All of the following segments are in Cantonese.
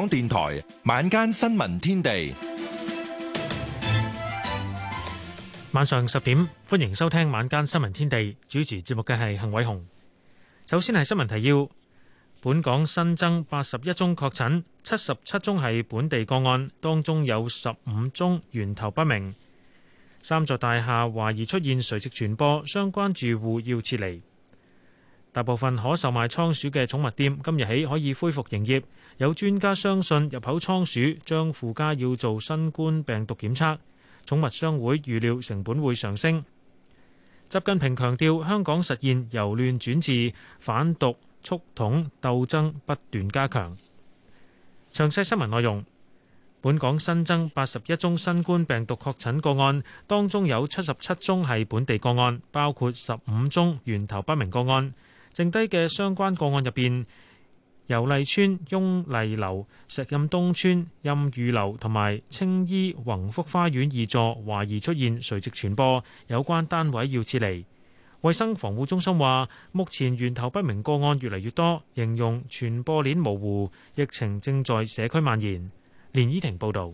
港電台晚間新聞天地，晚上十點，歡迎收聽晚間新聞天地。主持節目嘅係幸偉雄。首先係新聞提要：本港新增八十一宗確診，七十七宗係本地個案，當中有十五宗源頭不明。三座大廈懷疑出現垂直傳播，相關住戶要撤離。大部分可售賣倉鼠嘅寵物店今日起可以恢復營業。有專家相信入口倉鼠將附加要做新冠病毒檢測。寵物商會預料成本會上升。習近平強調，香港實現由亂轉治、反獨、促統鬥爭不斷加強。詳細新聞內容：本港新增八十一宗新冠病毒確診個案，當中有七十七宗係本地個案，包括十五宗源頭不明個案。剩低嘅相關個案入邊，油麗村、雍麗樓、石蔭東村、蔭裕樓同埋青衣宏福花園二座，懷疑出現垂直傳播，有關單位要撤離。衛生防護中心話，目前源頭不明個案越嚟越多，形容傳播鏈模糊，疫情正在社區蔓延。連依婷報導。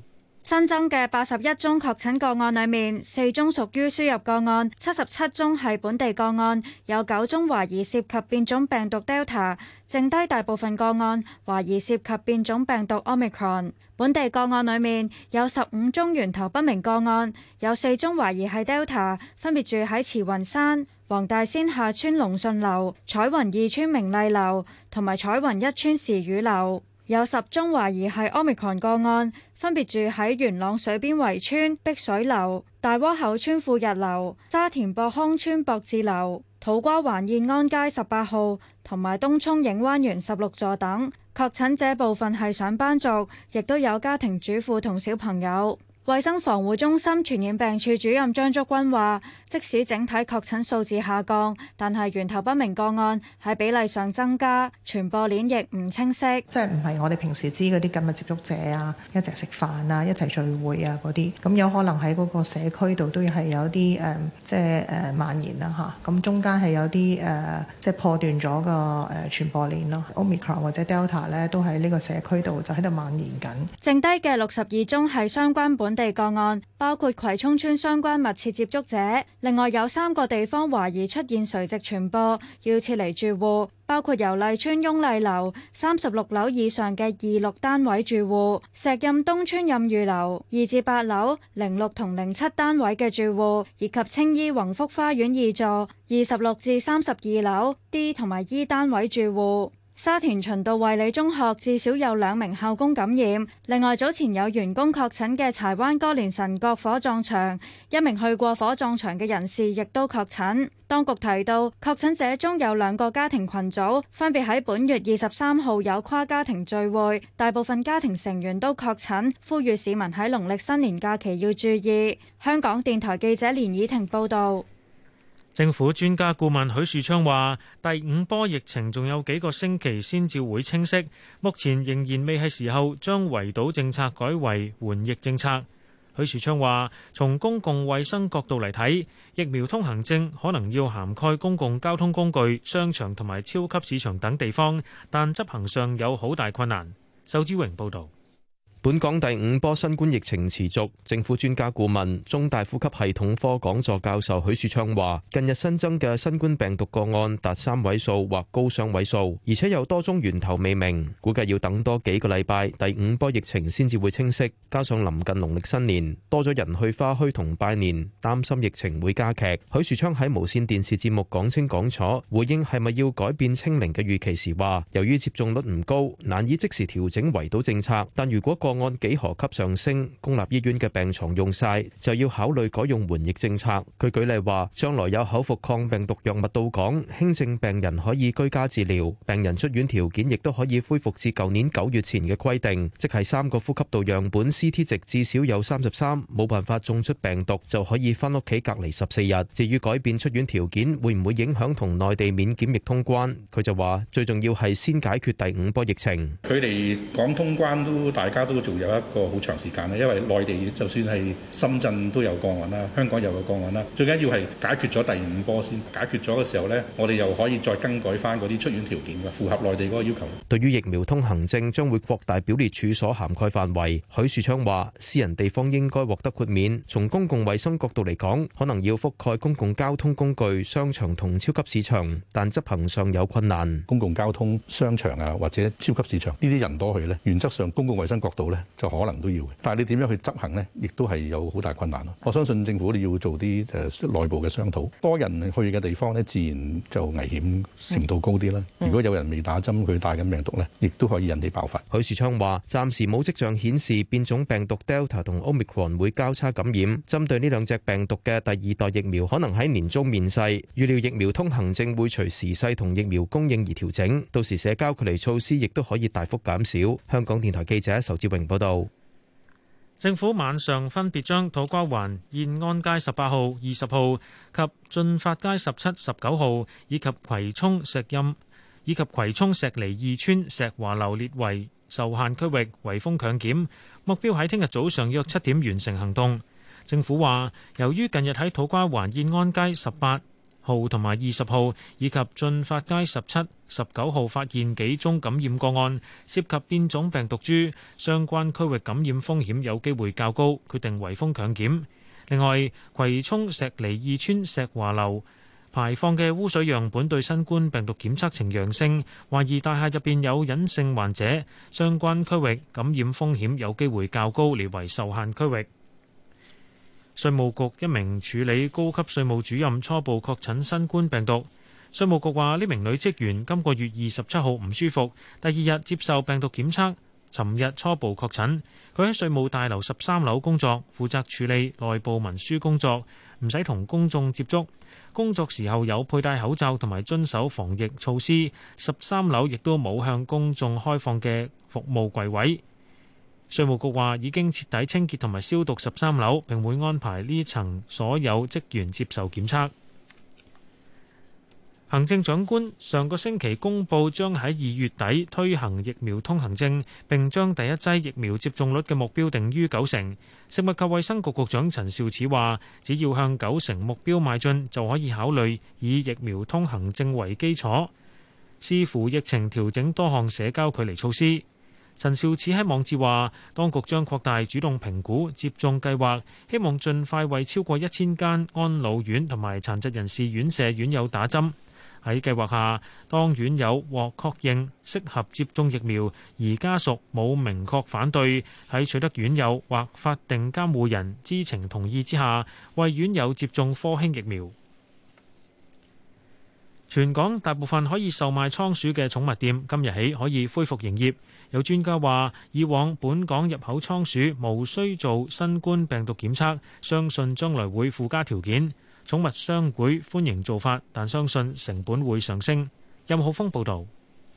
新增嘅八十一宗確診個案裏面，四宗屬於輸入個案，七十七宗係本地個案，有九宗懷疑涉，涉及變種病毒 Delta，剩低大部分個案懷疑涉及變種病毒 Omicron。本地個案裏面有十五宗源頭不明個案，有四宗懷疑係 Delta，分別住喺慈雲山、黃大仙下村、龍順樓、彩雲二村明麗樓同埋彩雲一村時雨樓，有十宗懷疑係 Omicron 個案。分別住喺元朗水邊圍村碧水樓、大窩口村富逸樓、沙田博康村博智樓、土瓜灣燕安街十八號同埋東涌映灣園十六座等。確診者部分係上班族，亦都有家庭主婦同小朋友。衛生防護中心傳染病處主任張竹君話，即使整體確診數字下降，但係源頭不明個案喺比例上增加，傳播鏈亦唔清晰。即係唔係我哋平時知嗰啲緊密接觸者啊，一齊食飯啊，一齊聚會啊嗰啲，咁有可能喺嗰個社區度都係有啲誒，即係誒蔓延啦吓。咁中間係有啲誒，即係破斷咗個誒傳播鏈咯。Omicron 或者 Delta 咧，都喺呢個社區度就喺度蔓延緊。剩低嘅六十二宗係相關本地個案，包括葵涌村相關密切接觸者，另外有三個地方懷疑出現垂直傳播，要撤離住戶，包括由麗村雍麗樓三十六樓以上嘅二六單位住戶、石蔭東村蔭裕樓二至八樓零六同零七單位嘅住戶，以及青衣宏福花園二座二十六至三十二樓 D 同埋 E 單位住戶。沙田循道衛理中學至少有兩名校工感染，另外早前有員工確診嘅柴灣歌連臣角火葬場，一名去過火葬場嘅人士亦都確診。當局提到，確診者中有兩個家庭群組，分別喺本月二十三號有跨家庭聚會，大部分家庭成員都確診，呼籲市民喺農曆新年假期要注意。香港電台記者連以婷報導。政府專家顧問許樹昌話：第五波疫情仲有幾個星期先至會清晰，目前仍然未係時候將圍堵政策改為緩疫政策。許樹昌話：從公共衛生角度嚟睇，疫苗通行證可能要涵蓋公共交通工具、商場同埋超級市場等地方，但執行上有好大困難。仇志榮報導。本港第五波新冠疫情持續，政府專家顧問、中大呼吸系統科講座教授許樹昌話：近日新增嘅新冠病毒個案達三位數或高雙位數，而且有多宗源頭未明，估計要等多幾個禮拜，第五波疫情先至會清晰。加上臨近農曆新年，多咗人去花墟同拜年，擔心疫情會加劇。許樹昌喺無線電視節目講清講楚，回應係咪要改變清零嘅預期時話：由於接種率唔高，難以即時調整圍堵政策，但如果各按幾何級上升，公立醫院嘅病床用晒就要考慮改用緩疫政策。佢舉例話，將來有口服抗病毒藥物到港，輕症病人可以居家治療，病人出院條件亦都可以恢復至舊年九月前嘅規定，即係三個呼吸道樣本 CT 值至少有三十三，冇辦法種出病毒就可以翻屋企隔離十四日。至於改變出院條件會唔會影響同內地免檢疫通關，佢就話最重要係先解決第五波疫情。佢哋講通關都大家都。仲有一個好長時間啦，因為內地就算係深圳都有個案啦，香港有個個案啦，最緊要係解決咗第五波先，解決咗嘅時候咧，我哋又可以再更改翻嗰啲出院條件㗎，符合內地嗰個要求。對於疫苗通行證將會擴大表列處所涵蓋範圍，許樹昌話：私人地方應該獲得豁免。從公共衛生角度嚟講，可能要覆蓋公共交通工具、商場同超級市場，但執行上有困難。公共交通、商場啊，或者超級市場，呢啲人多去咧，原則上公共衛生角度咧。就可能都要，但係你點樣去執行呢，亦都係有好大困難咯。我相信政府你要做啲誒內部嘅商討，多人去嘅地方呢，自然就危險程度高啲啦。如果有人未打針，佢帶緊病毒呢，亦都可以引起爆發。許樹昌話，暫時冇跡象顯示變種病毒 Delta 同 Omicron 會交叉感染。針對呢兩隻病毒嘅第二代疫苗可能喺年中面世。預料疫苗通行證會隨時勢同疫苗供應而調整，到時社交距離措施亦都可以大幅減少。香港電台記者仇志榮。報道：政府晚上分別將土瓜灣燕安街十八號、二十號及進發街十七、十九號以及葵涌石蔭以及葵涌石籬二村石華樓列為受限區域，圍封強檢目標喺聽日早上約七點完成行動。政府話，由於近日喺土瓜灣燕安街十八。號同埋二十號以及進發街十七、十九號發現幾宗感染個案，涉及變種病毒株，相關區域感染風險有機會較高，決定圍封強檢。另外，葵涌石梨二村石華樓排放嘅污水樣本對新冠病毒檢測呈陽性，懷疑大廈入邊有隱性患者，相關區域感染風險有機會較高，列為受限區域。稅務局一名處理高級稅務主任初步確診新冠病毒。稅務局話呢名女職員今個月二十七號唔舒服，第二日接受病毒檢測，尋日初步確診。佢喺稅務大樓十三樓工作，負責處理內部文書工作，唔使同公眾接觸。工作時候有佩戴口罩同埋遵守防疫措施。十三樓亦都冇向公眾開放嘅服務櫃位。稅務局話已經徹底清潔同埋消毒十三樓，並會安排呢層所有職員接受檢測。行政長官上個星期公布將喺二月底推行疫苗通行證，並將第一劑疫苗接種率嘅目標定於九成。食物及衛生局局長陳肇始話，只要向九成目標邁進，就可以考慮以疫苗通行證為基礎，視乎疫情調整多項社交距離措施。陳肇始喺網誌話，當局將擴大主動評估接種計劃，希望盡快為超過一千間安老院同埋殘疾人士院舍院友打針。喺計劃下，當院友獲確認適合接種疫苗，而家屬冇明確反對，喺取得院友或法定監護人知情同意之下，為院友接種科興疫苗。全港大部分可以售賣倉鼠嘅寵物店，今日起可以恢復營業，有專家話以往本港入口倉鼠無需做新冠病毒檢測，相信將來會附加條件。寵物商會歡迎做法，但相信成本會上升。任浩峰報道。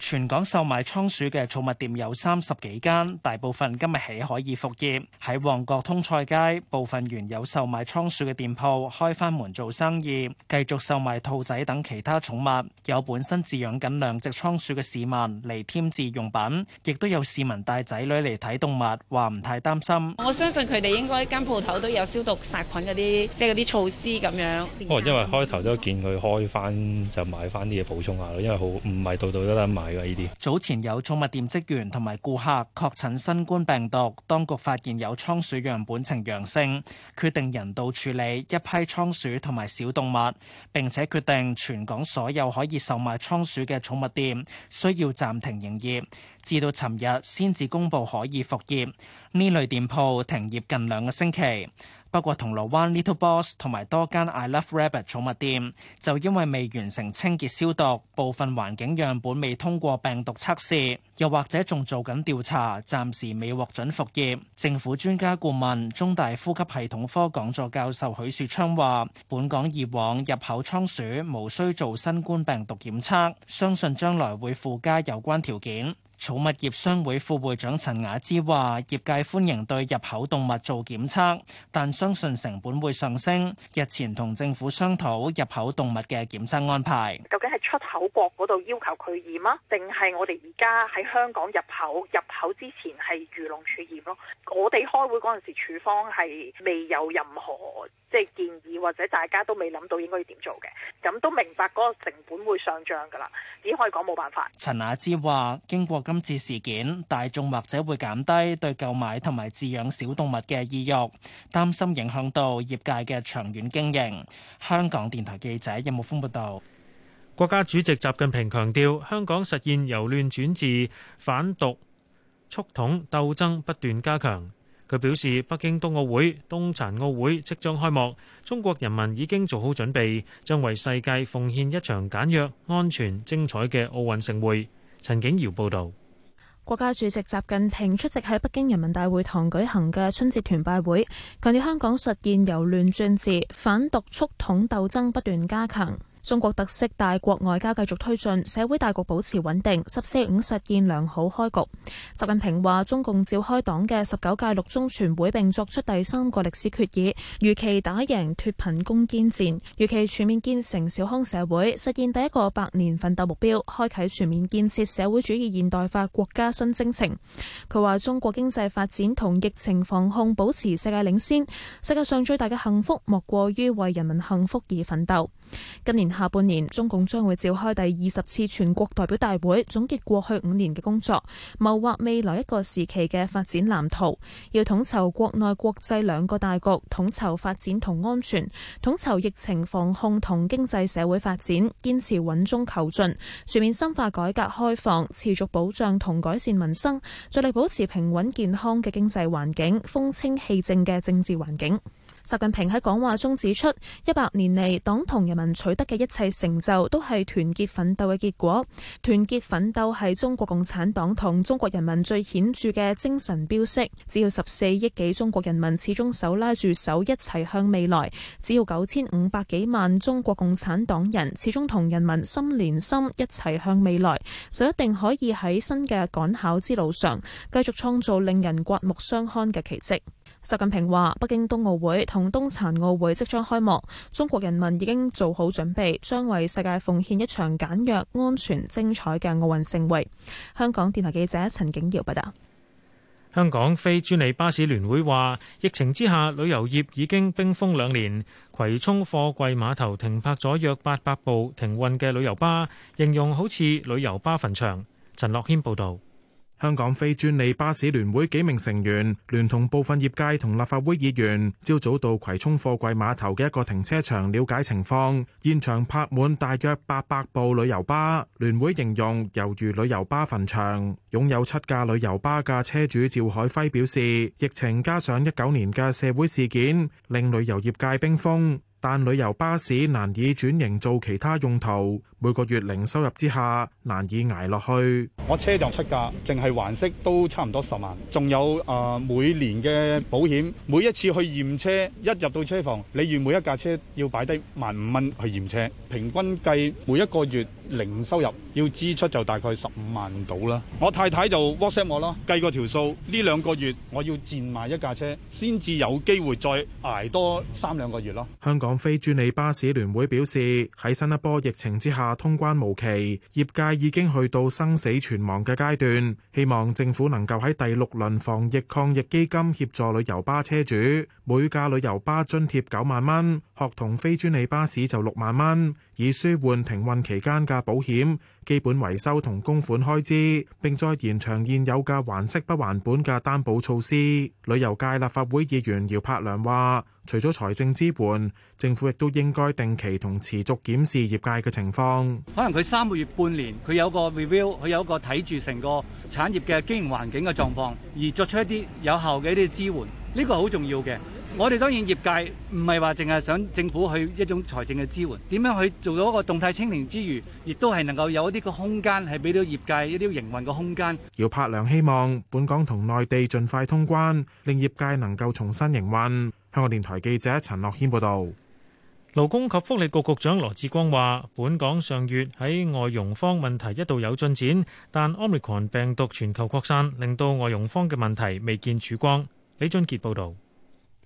全港售賣倉鼠嘅寵物店有三十幾間，大部分今日起可以復業。喺旺角通菜街，部分原有售賣倉鼠嘅店鋪開翻門做生意，繼續售賣兔仔等其他寵物。有本身飼養緊兩隻倉鼠嘅市民嚟添置用品，亦都有市民帶仔女嚟睇動物，話唔太擔心。我相信佢哋應該間鋪頭都有消毒殺菌嗰啲，即係嗰啲措施咁樣。哦，因為開頭都見佢開翻就買翻啲嘢補充下咯，因為好唔係度度都得買。早前有寵物店職員同埋顧客確診新冠病毒，當局發現有倉鼠樣本呈陽性，決定人道處理一批倉鼠同埋小動物。並且決定全港所有可以售賣倉鼠嘅寵物店需要暫停營業，至到尋日先至公佈可以復業。呢類店鋪停業近兩個星期。不過，銅鑼灣 Little Boss 同埋多間 I Love Rabbit 寵物店就因為未完成清潔消毒，部分環境樣本未通過病毒測試，又或者仲做緊調查，暫時未獲准復業。政府專家顧問、中大呼吸系統科講座教授許樹昌話：本港以往入口倉鼠無需做新冠病毒檢測，相信將來會附加有關條件。草物業商會副會長陳雅芝話：業界歡迎對入口動物做檢測，但相信成本會上升。日前同政府商討入口動物嘅檢測安排。究竟係出口國嗰度要求佢驗啊，定係我哋而家喺香港入口？入口之前係漁龍處驗咯。我哋開會嗰陣時，處方係未有任何。即係建議，或者大家都未諗到應該要點做嘅，咁都明白嗰個成本會上漲噶啦，只可以講冇辦法。陳雅芝話：經過今次事件，大眾或者會減低對購買同埋飼養小動物嘅意欲，擔心影響到業界嘅長遠經營。香港電台記者任木風報道，國家主席習近平強調，香港實現由亂轉治、反獨促統鬥爭不斷加強。佢表示，北京冬奧會、冬殘奧會即將開幕，中國人民已經做好準備，將為世界奉獻一場簡約、安全、精彩嘅奧運盛會。陳景瑤報道。國家主席習近平出席喺北京人民大會堂舉行嘅春節團拜會，強調香港實現由亂轉治，反獨促統鬥爭不斷加強。中國特色大國外交繼續推進，社會大局保持穩定，十四五實現良好開局。習近平話：中共召開黨嘅十九屆六中全會，並作出第三個歷史決議，如期打贏脱貧攻堅戰，如期全面建成小康社會，實現第一個百年奮鬥目標，開啟全面建設社會主義現代化國家新征程。佢話：中國經濟發展同疫情防控保持世界領先，世界上最大嘅幸福莫過於為人民幸福而奮鬥。今年下半年，中共將會召開第二十次全國代表大會，總結過去五年嘅工作，謀劃未來一個時期嘅發展藍圖。要統籌國內國際兩個大局，統籌發展同安全，統籌疫情防控同經濟社會發展，堅持穩中求進，全面深化改革開放，持續保障同改善民生，着力保持平穩健康嘅經濟環境、風清氣正嘅政治環境。習近平喺講話中指出，一百年嚟，黨同人民取得嘅一切成就，都係團結奮鬥嘅結果。團結奮鬥係中國共產黨同中國人民最顯著嘅精神標識。只要十四億幾中國人民始終手拉住手，一齊向未來；只要九千五百幾萬中國共產黨人始終同人民心連心，一齊向未來，就一定可以喺新嘅趕考之路上，繼續創造令人刮目相看嘅奇跡。習近平話：北京冬奧會同冬殘奧會即將開幕，中國人民已經做好準備，將為世界奉獻一場簡約、安全、精彩嘅奧運盛會。香港電台記者陳景堯報道。香港非專利巴士聯會話：疫情之下，旅遊業已經冰封兩年。葵涌貨櫃碼頭停泊咗約八百部停運嘅旅遊巴，形容好似旅遊巴墳場。陳樂謙報道。香港非專利巴士聯會幾名成員聯同部分業界同立法會議員，朝早到葵涌貨櫃碼頭嘅一個停車場了解情況。現場泊滿大約八百部旅遊巴，聯會形容猶如旅遊巴墳場。擁有七架旅遊巴嘅車主趙海輝表示，疫情加上一九年嘅社會事件，令旅遊業界冰封。但旅遊巴士難以轉型做其他用途，每個月零收入之下難以捱落去。我車就七架，淨係還息都差唔多十萬，仲有啊、呃、每年嘅保險，每一次去驗車，一入到車房，你預每一架車要擺低萬五蚊去驗車，平均計每一個月零收入要支出就大概十五萬到啦。我太太就 WhatsApp 我咯，計過條數，呢兩個月我要賤賣一架車，先至有機會再捱多三兩個月咯。香港港非專利巴士聯會表示，喺新一波疫情之下通關無期，業界已經去到生死存亡嘅階段，希望政府能夠喺第六輪防疫抗疫基金協助旅遊巴車主，每架旅遊巴津貼九萬蚊。學童非專利巴士就六萬蚊，以舒緩停運期間嘅保險、基本維修同公款開支。並再延長現有嘅還息不還本嘅擔保措施。旅遊界立法會議員姚柏良話，除咗財政支援，政府亦都應該定期同持續檢視業界嘅情況。可能佢三個月、半年，佢有個 review，佢有個睇住成個產業嘅經營環境嘅狀況，而作出一啲有效嘅一啲支援，呢個好重要嘅。我哋當然業界唔係話淨係想政府去一種財政嘅支援，點樣去做到一個動態清零之餘，亦都係能夠有一啲嘅空間，係俾到業界一啲營運嘅空間。姚柏良希望本港同內地盡快通關，令業界能夠重新營運。香港電台記者陳樂軒報導。勞工及福利局局，局長羅致光話，本港上月喺外傭方問題一度有進展，但 Omicron 病毒全球擴散，令到外傭方嘅問題未見曙光。李俊傑報導。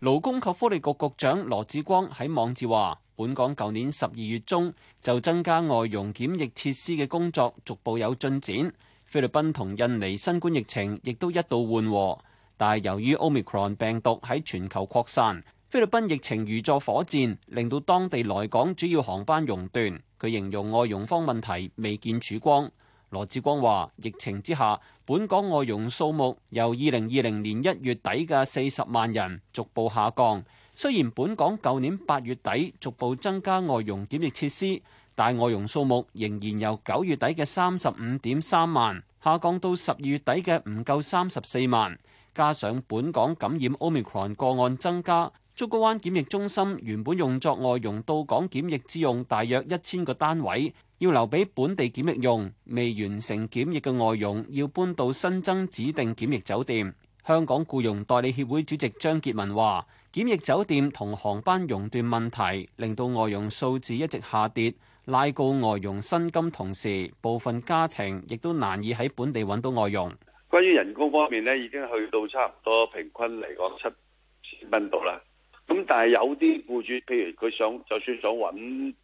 勞工及福利局局長羅志光喺網誌話：本港舊年十二月中就增加外傭檢疫設施嘅工作，逐步有進展。菲律賓同印尼新冠疫情亦都一度緩和，但係由於 Omicron 病毒喺全球擴散，菲律賓疫情如坐火箭，令到當地來港主要航班熔斷。佢形容外傭方問題未見曙光。羅志光話：疫情之下，本港外傭數目由二零二零年一月底嘅四十萬人逐步下降。雖然本港舊年八月底逐步增加外傭檢疫設施，但外傭數目仍然由九月底嘅三十五點三萬下降到十二月底嘅唔夠三十四萬，加上本港感染 Omicron 個案增加。竹篙灣檢疫中心原本用作外傭到港檢疫之用，大約一千個單位要留俾本地檢疫用，未完成檢疫嘅外傭要搬到新增指定檢疫酒店。香港僱傭代理協會主席張杰文話：檢疫酒店同航班熔斷問題令到外傭數字一直下跌，拉高外傭薪金，同時部分家庭亦都難以喺本地揾到外傭。關於人工方面呢，已經去到差唔多平均嚟講七千蚊度啦。咁但係有啲雇主，譬如佢想就算想揾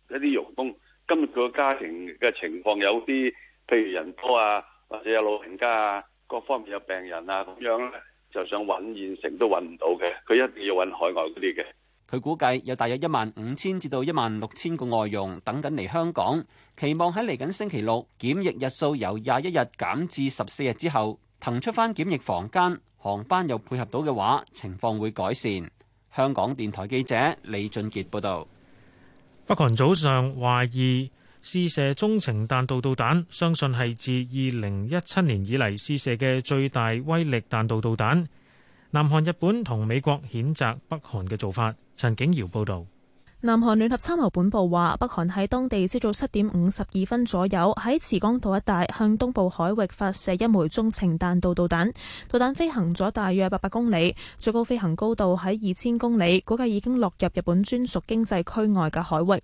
一啲傭工，今日個家庭嘅情況有啲，譬如人多啊，或者有老人家啊，各方面有病人啊咁樣就想揾現成都揾唔到嘅，佢一定要揾海外嗰啲嘅。佢估計有大約一萬五千至到一萬六千個外傭等緊嚟香港，期望喺嚟緊星期六檢疫日數由廿一日減至十四日之後，騰出翻檢疫房間，航班又配合到嘅話，情況會改善。香港電台記者李俊杰報道：北韓早上懷疑試射中程彈道導彈，相信係自二零一七年以嚟試射嘅最大威力彈道導彈。南韓、日本同美國譴責北韓嘅做法。陳景堯報道。南韓聯合參謀本部話，北韓喺當地朝早七點五十二分左右喺池江道一帶向東部海域發射一枚中程彈道導彈，導彈飛行咗大約八百公里，最高飛行高度喺二千公里，估計已經落入日本專屬經濟區外嘅海域。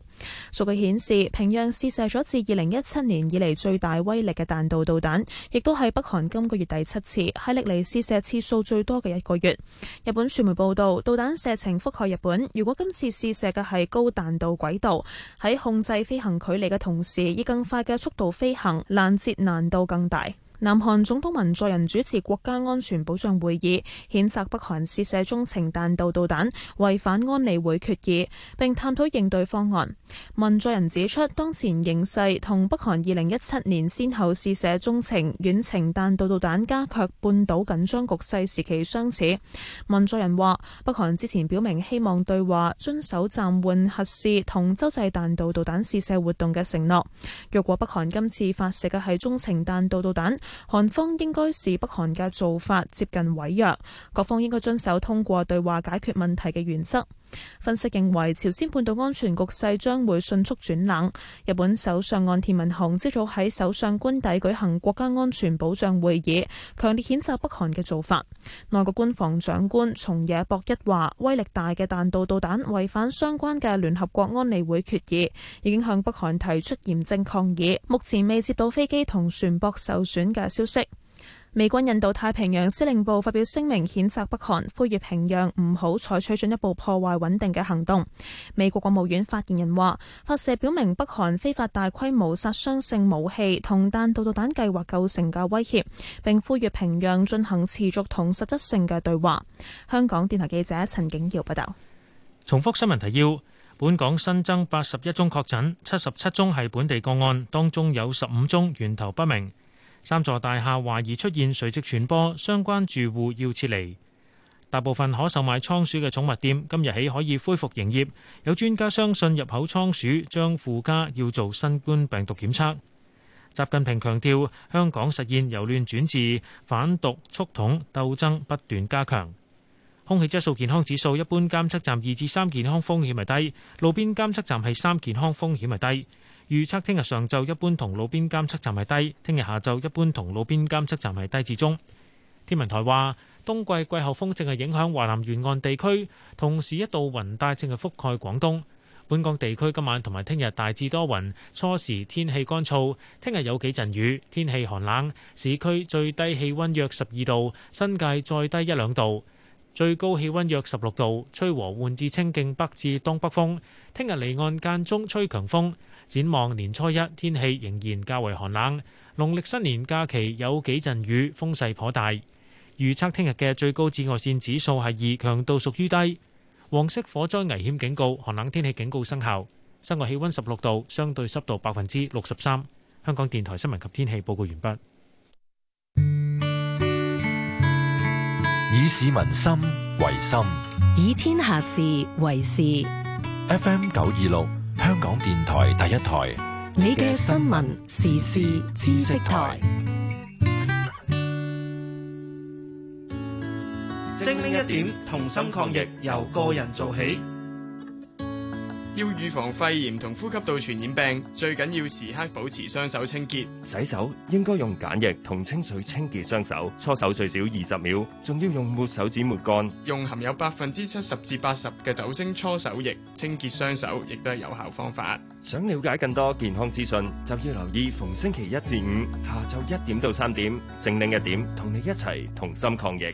數據顯示，平壤試射咗自二零一七年以嚟最大威力嘅彈道導彈，亦都係北韓今個月第七次喺歷嚟試射次數最多嘅一個月。日本傳媒報道，導彈射程覆蓋日本，如果今次試射嘅係。高彈道軌道喺控制飛行距離嘅同時，以更快嘅速度飛行，攔截難度更大。南韓總統文在寅主持國家安全保障會議，譴責北韓試射中程彈道導彈，違反安理會決議，並探討應對方案。文在寅指出，當前形勢同北韓二零一七年先後試射中程、遠程彈道導彈，加劇半島緊張局勢時期相似。文在寅話，北韓之前表明希望對話，遵守暫緩核試同洲際彈道導彈試射活動嘅承諾。若果北韓今次發射嘅係中程彈道導彈，韓方應該是北韓嘅做法接近毀約，各方應該遵守通過對話解決問題嘅原則。分析認為，朝鮮半島安全局勢將會迅速轉冷。日本首相岸田文雄朝早喺首相官邸舉行國家安全保障會議，強烈譴責北韓嘅做法。內閣官房長官松野博一話，威力大嘅彈道導彈違反相關嘅聯合國安理會決議，已經向北韓提出嚴正抗議。目前未接到飛機同船舶受損嘅消息。美軍印度太平洋司令部發表聲明，譴責北韓，呼籲平壤唔好採取進一步破壞穩定嘅行動。美國國務院發言人話，發射表明北韓非法大規模殺傷性武器同彈道導彈計劃構成嘅威脅，並呼籲平壤進行持續同實質性嘅對話。香港電台記者陳景堯報道。重複新聞提要：本港新增八十一宗確診，七十七宗係本地個案，當中有十五宗源頭不明。三座大廈懷疑出現垂直傳播，相關住戶要撤離。大部分可售賣倉鼠嘅寵物店今日起可以恢復營業。有專家相信入口倉鼠將附加要做新冠病毒檢測。習近平強調，香港實現由亂轉治，反獨促統鬥爭不斷加強。空氣質素健康指數，一般監測站二至三，健康風險係低，路邊監測站係三，健康風險係低。預測聽日上晝一般同路邊監測站係低，聽日下晝一般同路邊監測站係低至中。天文台話，冬季季候風正係影響華南沿岸地區，同時一道雲帶正係覆蓋廣東。本港地區今晚同埋聽日大致多雲，初時天氣乾燥，聽日有幾陣雨，天氣寒冷。市區最低氣溫約十二度，新界再低一兩度，最高氣溫約十六度，吹和緩至清勁北至東北風。聽日離岸間中吹強風。展望年初一天氣仍然較為寒冷，農曆新年假期有幾陣雨，風勢頗大。預測聽日嘅最高紫外線指數係二，強度屬於低。黃色火災危險警告，寒冷天氣警告生效。室外氣温十六度，相對濕度百分之六十三。香港電台新聞及天氣報告完畢。以市民心為心，以天下事為事。FM 九二六。香港電台第一台，你嘅新聞時事知識台，精靈一點，同心抗疫，由個人做起。要預防肺炎同呼吸道傳染病，最緊要時刻保持雙手清潔。洗手應該用梘液同清水清潔雙手，搓手最少二十秒，仲要用抹手紙抹乾。用含有百分之七十至八十嘅酒精搓手液清潔雙手，亦都係有效方法。想了解更多健康資訊，就要留意逢星期一至五下晝一點到三點，精靈一點，同你一齊同心抗疫。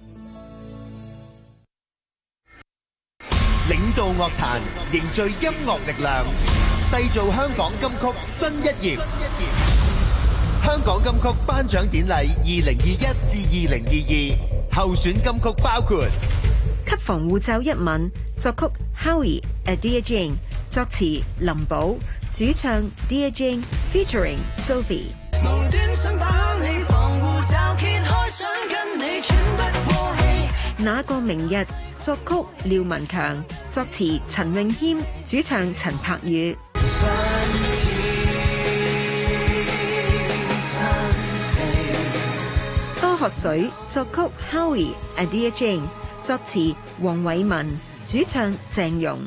樂壇凝聚音樂力量，締造香港金曲新一頁。香港金曲頒獎典禮二零二一至二零二二候選金曲包括《給防護罩一吻》，作曲 Howie@Dear Jane，作詞林寶，主唱 Dear Jane，featuring Sophie。那個明日，作曲廖文強，作詞陳詠謙，主唱陳柏宇。多喝水，作曲 Howie@Dear Jane，作詞黃偉文，主唱鄭融。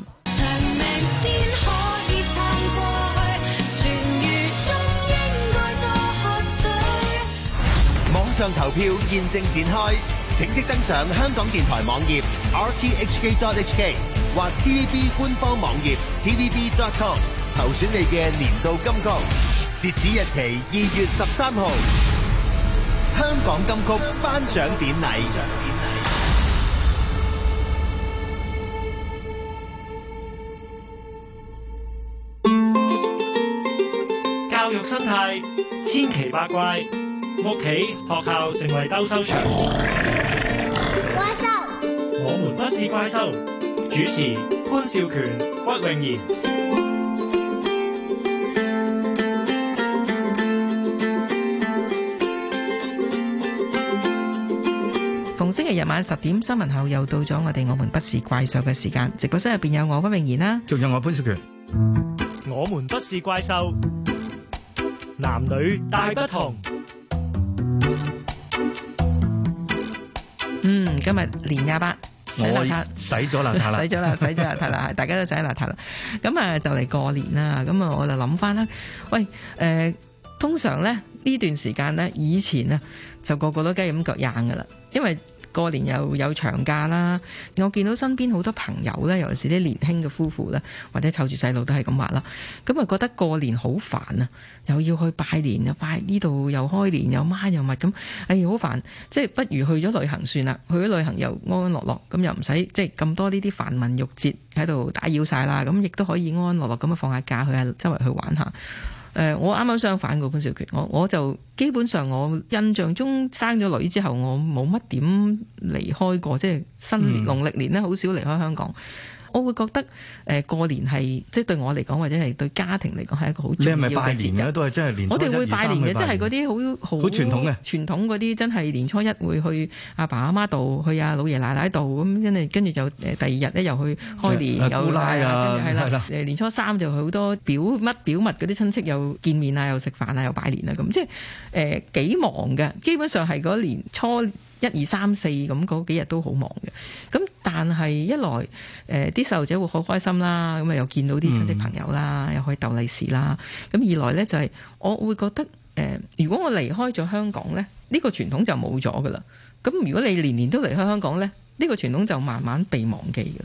網上投票現正展開。請即登上，香港電台網頁 rthk.hk 或 TVB 官方網頁 tvb.com 投選你嘅年度金曲，截止日期二月十三號。香港金曲頒獎典禮。教育生態千奇百怪。屋企、學校成為鬥獸場。怪獸，我們不是怪獸。主持潘少權、屈穎妍。逢星期日晚十點新聞後，又到咗我哋《我們不是怪獸》嘅時間。直播室入邊有我屈穎妍啦，仲有我潘少權。我們不是怪獸，男女大不同。嗯，今日年廿八、嗯，洗邋遢，洗咗邋遢啦，洗咗邋，洗咗邋遢啦， 大家都洗邋遢啦。咁啊、 嗯，就嚟過年啦。咁啊，我就諗翻啦。喂，誒、呃，通常咧呢段時間咧，以前咧就個個都雞咁腳硬噶啦，因為。過年又有長假啦。我見到身邊好多朋友呢，尤其是啲年輕嘅夫婦呢，或者湊住細路都係咁話啦。咁啊，覺得過年好煩啊，又要去拜年啊，拜呢度又開年又媽又乜咁，哎、欸，好煩，即係不如去咗旅行算啦。去咗旅行又安安樂樂，咁又唔使即係咁多呢啲繁文縟節喺度打擾晒啦。咁亦都可以安安樂樂咁啊，放下假去下周圍去玩下。誒、呃，我啱啱相反個潘少傑，我我就基本上我印象中生咗女之後，我冇乜點離開過，即係新農曆年咧，好少離開香港。我會覺得誒、呃、過年係即係對我嚟講，或者係對家庭嚟講係一個好重要嘅節日。是是是是 1, 我哋會拜年嘅，即係嗰啲好好傳統嘅傳統嗰啲，真係年初一會去阿爸阿媽度，去老爺奶奶度咁，真係跟住就誒、呃、第二日咧又去開年，又拉、嗯、有啊，係啦有年初三就好多表乜表物嗰啲親戚又見面啊，又食飯啊，又拜年啊咁，即係誒幾忙嘅、呃。基本上係嗰年初。一二三四咁嗰幾日都好忙嘅，咁但係一來，誒啲細路仔會好開心啦，咁啊又見到啲親戚朋友啦，嗯、又可以逗利是啦。咁二來呢，就係、是、我會覺得，誒、呃、如果我離開咗香港呢，呢、呢個傳統就冇咗噶啦。咁如果你年年都離開香港呢，呢、呢個傳統就慢慢被忘記嘅。